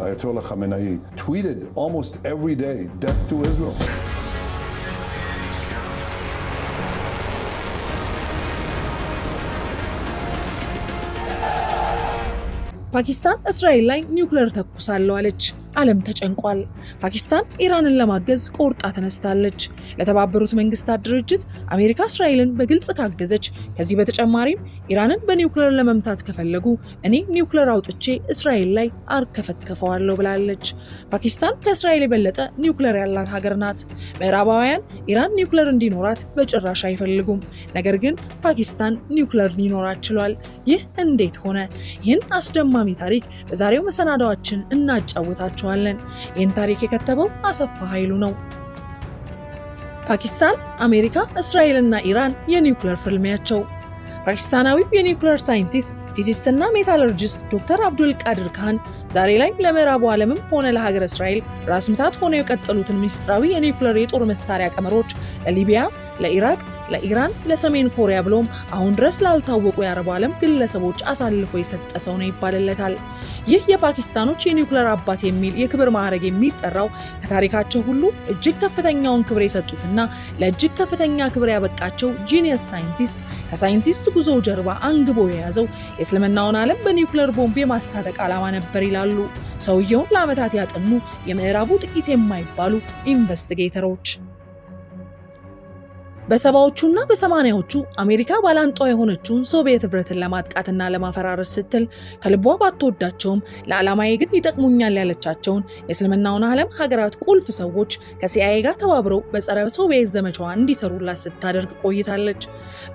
Ayatollah Khamenei tweeted almost every day, death to Israel. ፓኪስታን እስራኤል ላይ ኒውክሌር ተኩሳለሁ አለች። ዓለም ተጨንቋል። ፓኪስታን ኢራንን ለማገዝ ቆርጣ ተነስታለች። ለተባበሩት መንግስታት ድርጅት አሜሪካ እስራኤልን በግልጽ ካገዘች፣ ከዚህ በተጨማሪም ኢራንን በኒውክሌር ለመምታት ከፈለጉ እኔ ኒውክሌር አውጥቼ እስራኤል ላይ አርከፈከፈዋለሁ ብላለች። ፓኪስታን ከእስራኤል የበለጠ ኒውክሌር ያላት ሀገር ናት። ምዕራባውያን ኢራን ኒውክሌር እንዲኖራት በጭራሽ አይፈልጉም። ነገር ግን ፓኪስታን ኒውክሌር ሊኖራት ችሏል። ይህ እንዴት ሆነ? ይህን አስደማሚ ታሪክ በዛሬው መሰናዳዋችን እናጫውታችሁ እንነግራችኋለን። ይህን ታሪክ የከተበው አሰፋ ኃይሉ ነው። ፓኪስታን፣ አሜሪካ፣ እስራኤል ኢራን የኒውክለር ፍልሚያቸው። ፓኪስታናዊው የኒውክለር ሳይንቲስት ፊዚስትና ሜታለርጂስት ዶክተር አብዱል ቃድር ካህን ዛሬ ላይ ለምዕራቡ ዓለምም ሆነ ለሀገረ እስራኤል ራስ ምታት ሆነው የቀጠሉትን ምስጢራዊ የኒውክለር የጦር መሳሪያ ቀመሮች ለሊቢያ፣ ለኢራቅ፣ ለኢራን፣ ለሰሜን ኮሪያ ብሎም አሁን ድረስ ላልታወቁ የአረብ ዓለም ግለሰቦች አሳልፎ የሰጠ ሰው ነው ይባልለታል። ይህ የፓኪስታኖች የኒውክለር አባት የሚል የክብር ማዕረግ የሚጠራው ከታሪካቸው ሁሉ እጅግ ከፍተኛውን ክብር የሰጡትና ለእጅግ ከፍተኛ ክብር ያበቃቸው ጂኒየስ ሳይንቲስት ከሳይንቲስት ጉዞ ጀርባ አንግቦ የያዘው የእስልምናውን ዓለም በኒውክለር ቦምብ የማስታጠቅ ዓላማ ነበር ይላሉ ሰውየውን ለዓመታት ያጠኑ የምዕራቡ ጥቂት የማይባሉ ኢንቨስቲጌተሮች። በሰባዎቹና በሰማኒያዎቹ አሜሪካ ባላንጧ የሆነችውን ሶቪየት ህብረትን ለማጥቃትና ለማፈራረስ ስትል ከልቧ ባትወዳቸውም ለዓላማዬ ግን ይጠቅሙኛል ያለቻቸውን የእስልምናውን ዓለም ሀገራት ቁልፍ ሰዎች ከሲአይኤ ጋር ተባብረው በጸረ ሶቪየት ዘመቻዋ እንዲሰሩላት ስታደርግ ቆይታለች።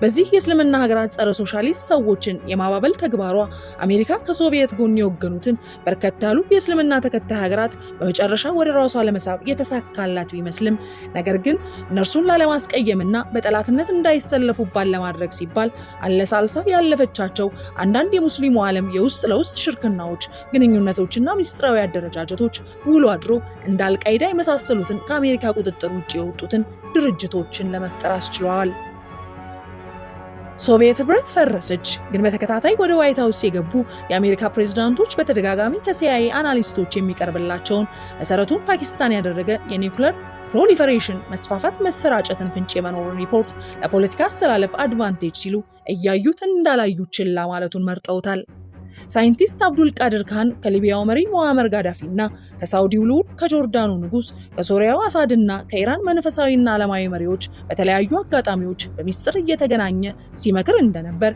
በዚህ የእስልምና ሀገራት ጸረ ሶሻሊስት ሰዎችን የማባበል ተግባሯ አሜሪካ ከሶቪየት ጎን የወገኑትን በርከት ያሉ የእስልምና ተከታይ ሀገራት በመጨረሻ ወደ ራሷ ለመሳብ የተሳካላት ቢመስልም ነገር ግን እነርሱን ላለማስቀየምና በጠላትነት እንዳይሰለፉባት ለማድረግ ሲባል አለሳልሳ ያለፈቻቸው አንዳንድ የሙስሊሙ ዓለም የውስጥ ለውስጥ ሽርክናዎች፣ ግንኙነቶችና ምስጢራዊ አደረጃጀቶች ውሎ አድሮ እንደ አልቃይዳ የመሳሰሉትን ከአሜሪካ ቁጥጥር ውጭ የወጡትን ድርጅቶችን ለመፍጠር አስችለዋል። ሶቪየት ህብረት ፈረሰች፣ ግን በተከታታይ ወደ ዋይት ሀውስ የገቡ የአሜሪካ ፕሬዝዳንቶች በተደጋጋሚ ከሲአይኤ አናሊስቶች የሚቀርብላቸውን መሰረቱን ፓኪስታን ያደረገ የኒውክለር ፕሮሊፈሬሽን መስፋፋት መሰራጨትን ፍንጭ የመኖሩን ሪፖርት ለፖለቲካ አሰላለፍ አድቫንቴጅ ሲሉ እያዩት እንዳላዩት ችላ ማለቱን መርጠውታል። ሳይንቲስት አብዱል ቃድር ካን ከሊቢያው መሪ ሞአመር ጋዳፊ እና ከሳውዲው ልዑል ከጆርዳኑ ንጉስ ከሶሪያው አሳድና ከኢራን መንፈሳዊና ዓለማዊ መሪዎች በተለያዩ አጋጣሚዎች በሚስጥር እየተገናኘ ሲመክር እንደነበር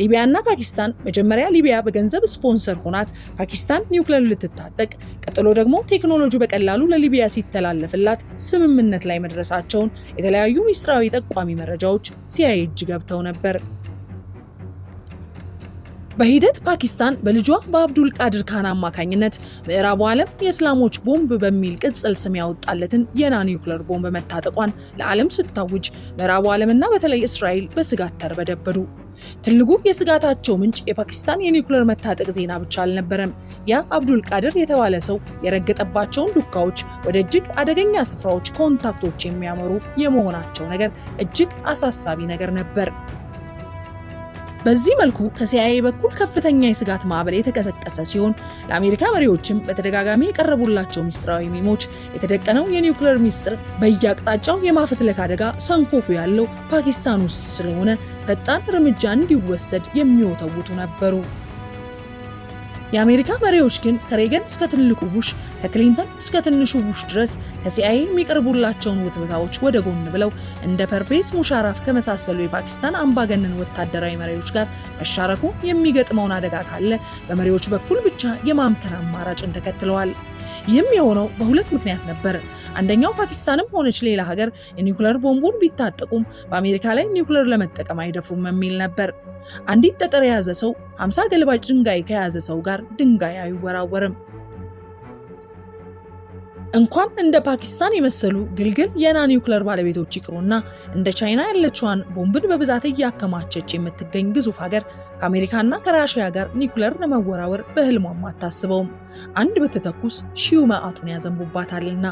ሊቢያና ፓኪስታን መጀመሪያ ሊቢያ በገንዘብ ስፖንሰር ሆናት ፓኪስታን ኒውክለር ልትታጠቅ ቀጥሎ ደግሞ ቴክኖሎጂ በቀላሉ ለሊቢያ ሲተላለፍላት ስምምነት ላይ መድረሳቸውን የተለያዩ ሚስጥራዊ ጠቋሚ መረጃዎች ሲያይ እጅ ገብተው ነበር። በሂደት ፓኪስታን በልጇ በአብዱል ቃድር ካን አማካኝነት ምዕራቡ ዓለም የእስላሞች ቦምብ በሚል ቅጽል ስም ያወጣለትን የና ኒውክለር ቦምብ መታጠቋን ለዓለም ስታውጅ ምዕራቡ ዓለምና በተለይ እስራኤል በስጋት ተርበደበዱ። ትልቁ የስጋታቸው ምንጭ የፓኪስታን የኒውክለር መታጠቅ ዜና ብቻ አልነበረም። ያ አብዱል ቃድር የተባለ ሰው የረገጠባቸውን ዱካዎች ወደ እጅግ አደገኛ ስፍራዎች ኮንታክቶች የሚያመሩ የመሆናቸው ነገር እጅግ አሳሳቢ ነገር ነበር። በዚህ መልኩ ከሲአይኤ በኩል ከፍተኛ የስጋት ማዕበል የተቀሰቀሰ ሲሆን ለአሜሪካ መሪዎችም በተደጋጋሚ የቀረቡላቸው ሚስጥራዊ ሚሞች የተደቀነው የኒውክሌር ሚስጥር በየአቅጣጫው የማፈትለክ አደጋ ሰንኮፉ ያለው ፓኪስታን ውስጥ ስለሆነ ፈጣን እርምጃ እንዲወሰድ የሚወተውቱ ነበሩ። የአሜሪካ መሪዎች ግን ከሬገን እስከ ትልቁ ቡሽ፣ ከክሊንተን እስከ ትንሹ ቡሽ ድረስ ከሲአይኤ የሚቀርቡላቸውን ውትወታዎች ወደ ጎን ብለው እንደ ፐርቬዝ ሙሻራፍ ከመሳሰሉ የፓኪስታን አምባገነን ወታደራዊ መሪዎች ጋር መሻረኩ የሚገጥመውን አደጋ ካለ በመሪዎች በኩል ብቻ የማምከን አማራጭን ተከትለዋል። ይህም የሆነው በሁለት ምክንያት ነበር። አንደኛው ፓኪስታንም ሆነች ሌላ ሀገር የኒውክለር ቦምቡን ቢታጠቁም በአሜሪካ ላይ ኒውክለር ለመጠቀም አይደፍሩም የሚል ነበር። አንዲት ጠጠር የያዘ ሰው 50 ገልባጭ ድንጋይ ከያዘ ሰው ጋር ድንጋይ አይወራወርም። እንኳን እንደ ፓኪስታን የመሰሉ ግልግል የና ኒውክለር ባለቤቶች ይቅሩና እንደ ቻይና ያለችዋን ቦምብን በብዛት እያከማቸች የምትገኝ ግዙፍ ሀገር ከአሜሪካና ከራሽያ ጋር ኒውክለር ለመወራወር በህልሟም አታስበውም። አንድ ብትተኩስ ሺው መዓቱን ያዘንቡባታልና።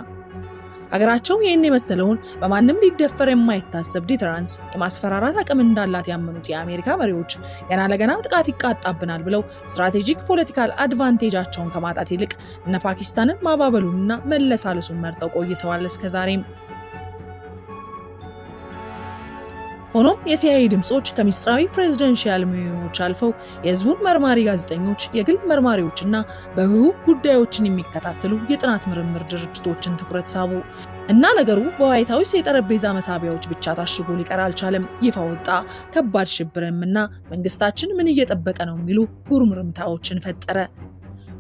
ሀገራቸው ይህን የመሰለውን በማንም ሊደፈር የማይታሰብ ዲተራንስ የማስፈራራት አቅም እንዳላት ያመኑት የአሜሪካ መሪዎች ገና ለገና ጥቃት ይቃጣብናል ብለው ስትራቴጂክ ፖለቲካል አድቫንቴጃቸውን ከማጣት ይልቅ እነ ፓኪስታንን ማባበሉንና መለሳለሱን መርጠው ቆይተዋል እስከዛሬም። ሆኖም የሲአይኤ ድምፆች ከሚስጥራዊ ፕሬዚደንሺያል ሚሞዎች አልፈው የህዝቡን መርማሪ ጋዜጠኞች፣ የግል መርማሪዎችና በብዙ ጉዳዮችን የሚከታተሉ የጥናት ምርምር ድርጅቶችን ትኩረት ሳቡ እና ነገሩ በዋይት ሀውስ የጠረጴዛ መሳቢያዎች ብቻ ታሽጎ ሊቀር አልቻለም። ይፋ ወጣ። ከባድ ሽብርም እና መንግስታችን ምን እየጠበቀ ነው የሚሉ ጉርምርምታዎችን ፈጠረ።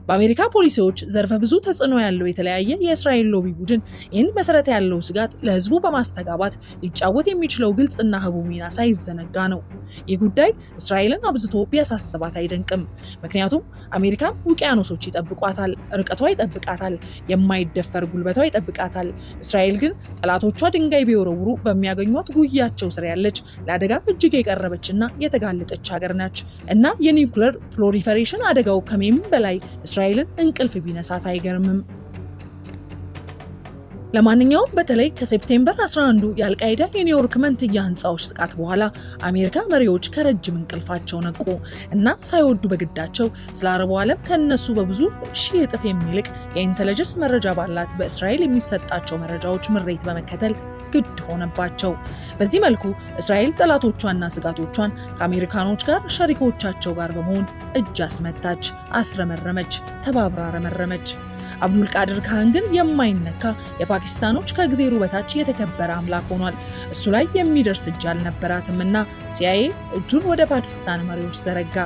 በአሜሪካ ፖሊሲዎች ዘርፈ ብዙ ተጽዕኖ ያለው የተለያየ የእስራኤል ሎቢ ቡድን ይህን መሰረት ያለው ስጋት ለህዝቡ በማስተጋባት ሊጫወት የሚችለው ግልጽና ህቡ ሚና ሳይዘነጋ ነው። ይህ ጉዳይ እስራኤልን አብዝቶ ቢያሳስባት አይደንቅም። ምክንያቱም አሜሪካን ውቅያኖሶች ይጠብቋታል፣ ርቀቷ ይጠብቃታል፣ የማይደፈር ጉልበቷ ይጠብቃታል። እስራኤል ግን ጠላቶቿ ድንጋይ ቢወረውሩ በሚያገኟት ጉያቸው ስር ያለች ለአደጋ እጅግ የቀረበችና የተጋለጠች ሀገር ናች እና የኒውክለር ፕሎሪፈሬሽን አደጋው ከሜም በላይ እስራኤልን እንቅልፍ ቢነሳት አይገርምም። ለማንኛውም በተለይ ከሴፕቴምበር 11 የአልቃይዳ የኒውዮርክ መንትያ ህንፃዎች ጥቃት በኋላ አሜሪካ መሪዎች ከረጅም እንቅልፋቸው ነቁ እና ሳይወዱ በግዳቸው ስለ አረቡ ዓለም ከእነሱ በብዙ ሺህ እጥፍ የሚልቅ የኢንተለጀንስ መረጃ ባላት በእስራኤል የሚሰጣቸው መረጃዎች ምሬት በመከተል ግድ ሆነባቸው። በዚህ መልኩ እስራኤል ጠላቶቿና ስጋቶቿን ከአሜሪካኖች ጋር ሸሪኮቻቸው ጋር በመሆን እጅ አስመታች፣ አስረመረመች፣ ተባብራ ረመረመች። አብዱል ቃድር ካህን ግን የማይነካ የፓኪስታኖች ከእግዜሩ በታች የተከበረ አምላክ ሆኗል። እሱ ላይ የሚደርስ እጅ አልነበራትምና ሲያይ እጁን ወደ ፓኪስታን መሪዎች ዘረጋ።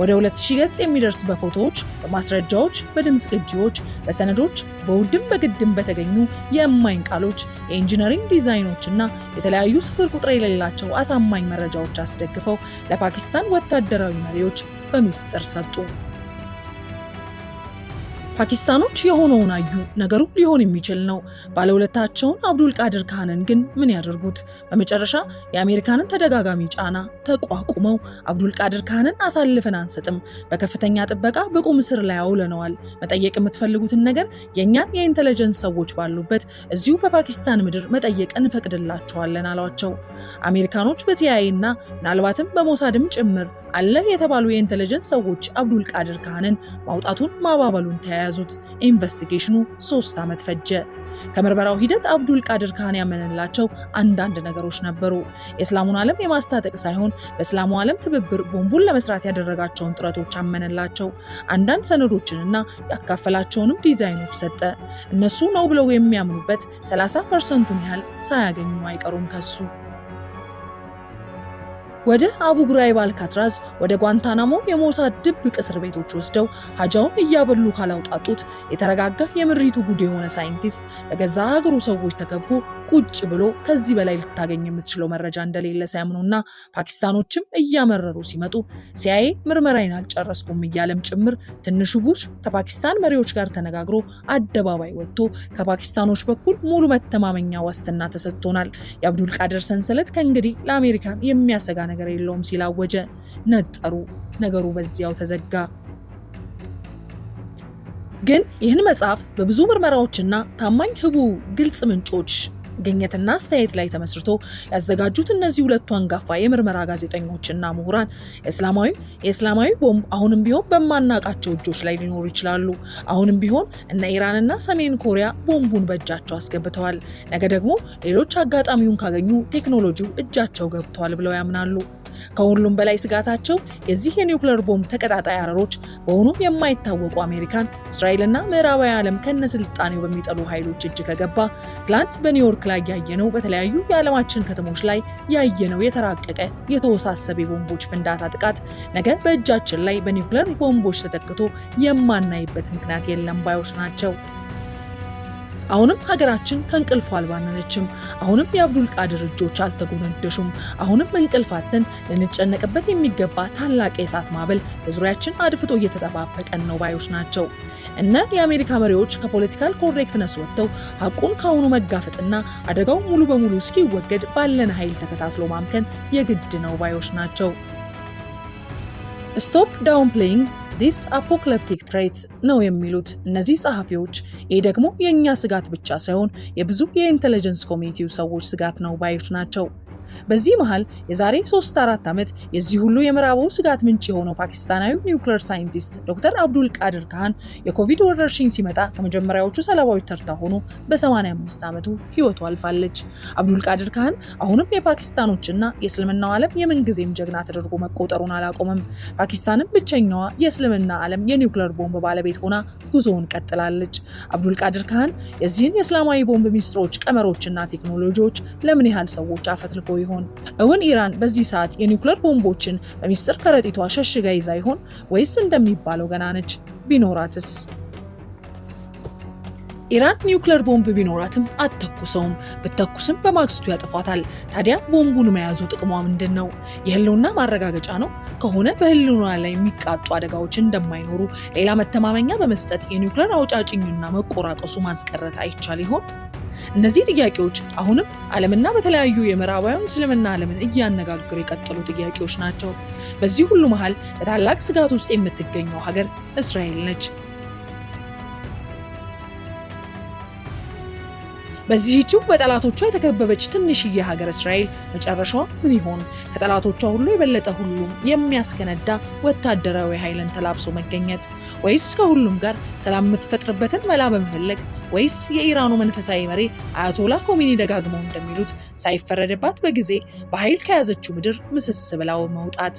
ወደ 2000 ገጽ የሚደርስ በፎቶዎች፣ በማስረጃዎች፣ በድምፅ ቅጂዎች፣ በሰነዶች፣ በውድም በግድም በተገኙ የእማኝ ቃሎች፣ የኢንጂነሪንግ ዲዛይኖች እና የተለያዩ ስፍር ቁጥር የሌላቸው አሳማኝ መረጃዎች አስደግፈው ለፓኪስታን ወታደራዊ መሪዎች በሚስጥር ሰጡ። ፓኪስታኖች የሆነውን አዩ። ነገሩ ሊሆን የሚችል ነው። ባለውለታቸውን አብዱል ቃድር ካንን ግን ምን ያደርጉት? በመጨረሻ የአሜሪካንን ተደጋጋሚ ጫና ተቋቁመው አብዱል ቃድር ካንን አሳልፈን አንሰጥም፣ በከፍተኛ ጥበቃ በቁም እስር ላይ አውለነዋል። መጠየቅ የምትፈልጉትን ነገር የእኛን የኢንተለጀንስ ሰዎች ባሉበት እዚሁ በፓኪስታን ምድር መጠየቅ እንፈቅድላቸዋለን አሏቸው። አሜሪካኖች በሲአይኤ እና ምናልባትም በሞሳድም ጭምር አለ የተባሉ የኢንተለጀንስ ሰዎች አብዱል ቃድር ካንን ማውጣቱን ማባበሉን ተያያዙ። ያዙት። ኢንቨስቲጌሽኑ ሶስት ዓመት ፈጀ። ከምርመራው ሂደት አብዱል ቃድር ካህን ያመነላቸው አንዳንድ ነገሮች ነበሩ። የእስላሙን ዓለም የማስታጠቅ ሳይሆን በእስላሙ ዓለም ትብብር ቦምቡን ለመስራት ያደረጋቸውን ጥረቶች አመነላቸው። አንዳንድ ሰነዶችንና ያካፈላቸውንም ዲዛይኖች ሰጠ። እነሱ ነው ብለው የሚያምኑበት 30 ፐርሰንቱን ያህል ሳያገኙ አይቀሩም ከሱ ወደ አቡ ግራይብ አልካትራዝ ወደ ጓንታናሞ የሞሳድ ድብቅ እስር ቤቶች ወስደው ሀጃውን እያበሉ ካላውጣጡት የተረጋጋ የምሪቱ ጉድ የሆነ ሳይንቲስት በገዛ ሀገሩ ሰዎች ተከቦ ቁጭ ብሎ ከዚህ በላይ ልታገኝ የምትችለው መረጃ እንደሌለ ሳያምኑና ፓኪስታኖችም እያመረሩ ሲመጡ ሲያይ ምርመራዬን አልጨረስኩም እያለም ጭምር ትንሹ ቡሽ ከፓኪስታን መሪዎች ጋር ተነጋግሮ አደባባይ ወጥቶ ከፓኪስታኖች በኩል ሙሉ መተማመኛ ዋስትና ተሰጥቶናል፣ የአብዱልቃድር ሰንሰለት ከእንግዲህ ለአሜሪካን የሚያሰጋ ነገር ነገር የለውም ሲላወጀ ነጠሩ። ነገሩ በዚያው ተዘጋ። ግን ይህን መጽሐፍ በብዙ ምርመራዎችና ታማኝ ህቡ ግልጽ ምንጮች ግኝትና አስተያየት ላይ ተመስርቶ ያዘጋጁት እነዚህ ሁለቱ አንጋፋ የምርመራ ጋዜጠኞችና ምሁራን የእስላማዊ የእስላማዊ ቦምብ አሁንም ቢሆን በማናቃቸው እጆች ላይ ሊኖሩ ይችላሉ። አሁንም ቢሆን እነ ኢራንና ሰሜን ኮሪያ ቦምቡን በእጃቸው አስገብተዋል፣ ነገ ደግሞ ሌሎች አጋጣሚውን ካገኙ ቴክኖሎጂው እጃቸው ገብተዋል ብለው ያምናሉ። ከሁሉም በላይ ስጋታቸው የዚህ የኒውክለር ቦምብ ተቀጣጣይ አረሮች በሆኑ የማይታወቁ አሜሪካን፣ እስራኤልና ምዕራባዊ ዓለም ከነስልጣኔው በሚጠሉ ኃይሎች እጅ ከገባ ትላንት በኒውዮርክ ላይ ያየነው በተለያዩ የዓለማችን ከተሞች ላይ ያየነው የተራቀቀ የተወሳሰበ የቦምቦች ፍንዳታ ጥቃት ነገ በእጃችን ላይ በኒውክለር ቦምቦች ተተክቶ የማናይበት ምክንያት የለም ባዮች ናቸው። አሁንም ሀገራችን ከእንቅልፏ አልባነነችም። አሁንም የአብዱል ቃድር እጆች አልተጎነደሹም። አሁንም እንቅልፍ አጥተን ልንጨነቅበት የሚገባ ታላቅ የእሳት ማዕበል በዙሪያችን አድፍጦ እየተጠባበቀን ነው ባዮች ናቸው። እነ የአሜሪካ መሪዎች ከፖለቲካል ኮሬክትነስ ወጥተው ሀቁን ከአሁኑ መጋፈጥና አደጋው ሙሉ በሙሉ እስኪወገድ ባለን ኃይል ተከታትሎ ማምከን የግድ ነው ባዮች ናቸው። ስቶፕ ዳውን ፕሌይንግ አዲስ አፖክለፕቲክ ትሬት ነው የሚሉት እነዚህ ጸሐፊዎች፣ ይህ ደግሞ የእኛ ስጋት ብቻ ሳይሆን የብዙ የኢንቴሊጀንስ ኮሚኒቲው ሰዎች ስጋት ነው ባዮች ናቸው። በዚህ መሃል የዛሬ ሶስት 4 ዓመት የዚህ ሁሉ የምዕራቡ ስጋት ምንጭ የሆነው ፓኪስታናዊ ኒውክሌር ሳይንቲስት ዶክተር አብዱል ቃድር ካህን የኮቪድ ወረርሽኝ ሲመጣ ከመጀመሪያዎቹ ሰለባዎች ተርታ ሆኖ በ85 ዓመቱ ህይወቱ አልፋለች። አብዱል ቃድር ካህን አሁንም የፓኪስታኖችና የእስልምናው ዓለም የምንጊዜም ጀግና ተደርጎ መቆጠሩን አላቆመም። ፓኪስታንም ብቸኛዋ የእስልምና ዓለም የኒውክሌር ቦምብ ባለቤት ሆና ጉዞውን ቀጥላለች። አብዱል ቃድር ካህን የዚህን የእስላማዊ ቦምብ ሚስጥሮችና ቀመሮችና ቴክኖሎጂዎች ለምን ያህል ሰዎች አፈትልኮ ይሆን? እውን ኢራን በዚህ ሰዓት የኒውክሌር ቦምቦችን በሚስጥር ከረጢቷ ሸሽጋ ይዛ ይሆን ወይስ እንደሚባለው ገና ነች? ቢኖራትስ? ኢራን ኒውክሌር ቦምብ ቢኖራትም አትተኩሰውም። ብትተኩስም በማግስቱ ያጠፋታል። ታዲያ ቦምቡን መያዙ ጥቅሟ ምንድን ነው? የህልውና ማረጋገጫ ነው ከሆነ በህልውና ላይ የሚቃጡ አደጋዎች እንደማይኖሩ ሌላ መተማመኛ በመስጠት የኒውክሌር አውጫጭኝና መቆራቀሱ ማስቀረት አይቻል ይሆን? እነዚህ ጥያቄዎች አሁንም ዓለምና በተለያዩ የምዕራባውያን እስልምና ዓለምን እያነጋገሩ የቀጠሉ ጥያቄዎች ናቸው። በዚህ ሁሉ መሃል በታላቅ ስጋት ውስጥ የምትገኘው ሀገር እስራኤል ነች። በዚህችው በጠላቶቿ የተከበበች ትንሽዬ ሀገር እስራኤል መጨረሻዋ ምን ይሆን? ከጠላቶቿ ሁሉ የበለጠ ሁሉም የሚያስከነዳ ወታደራዊ ኃይልን ተላብሶ መገኘት፣ ወይስ ከሁሉም ጋር ሰላም የምትፈጥርበትን መላ በመፈለግ ወይስ የኢራኑ መንፈሳዊ መሪ አያቶላ ኮሚኒ ደጋግመው እንደሚሉት ሳይፈረድባት በጊዜ በኃይል ከያዘችው ምድር ምስስ ብላው መውጣት?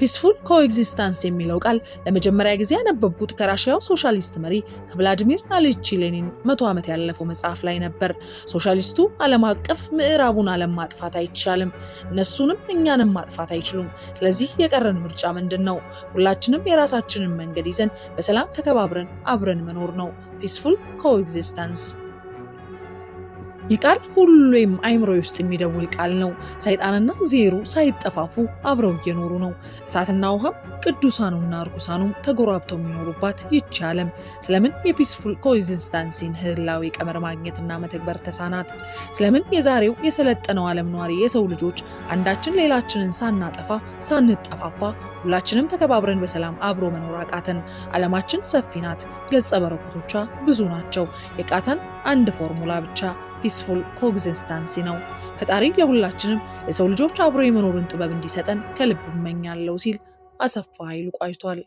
ፒስፉል ኮኤግዚስተንስ የሚለው ቃል ለመጀመሪያ ጊዜ ያነበብኩት ከራሽያው ሶሻሊስት መሪ ከቭላዲሚር አሊች ሌኒን መቶ ዓመት ያለፈው መጽሐፍ ላይ ነበር። ሶሻሊስቱ ዓለም አቀፍ ምዕራቡን ዓለም ማጥፋት አይቻልም፣ እነሱንም እኛንም ማጥፋት አይችሉም። ስለዚህ የቀረን ምርጫ ምንድን ነው? ሁላችንም የራሳችንን መንገድ ይዘን በሰላም ተከባብረን አብረን መኖር ነው። ፒስፉል ኮኤግዚስተንስ ይህ ቃል ሁሌም አይምሮ ውስጥ የሚደውል ቃል ነው። ሰይጣንና ዜሩ ሳይጠፋፉ አብረው እየኖሩ ነው። እሳትና ውሃም ቅዱሳኑና እርኩሳኑም ተጎራብተው የሚኖሩባት ይቺ ዓለም ስለምን የፒስፉል ኮኤግዚስተንስን ህላዊ ቀመር ማግኘትና መተግበር ተሳናት? ስለምን የዛሬው የሰለጠነው ዓለም ነዋሪ የሰው ልጆች አንዳችን ሌላችንን ሳናጠፋ ሳንጠፋፋ ሁላችንም ተከባብረን በሰላም አብሮ መኖር አቃተን? ዓለማችን ሰፊ ናት፣ ገጸ በረከቶቿ ብዙ ናቸው። የቃተን አንድ ፎርሙላ ብቻ ፒስፉል ኮኤግዚስተንሲ ነው። ፈጣሪ ለሁላችንም የሰው ልጆች አብሮ የመኖርን ጥበብ እንዲሰጠን ከልብ እመኛለሁ ሲል አሰፋ ኃይሉ ቋጭቷል።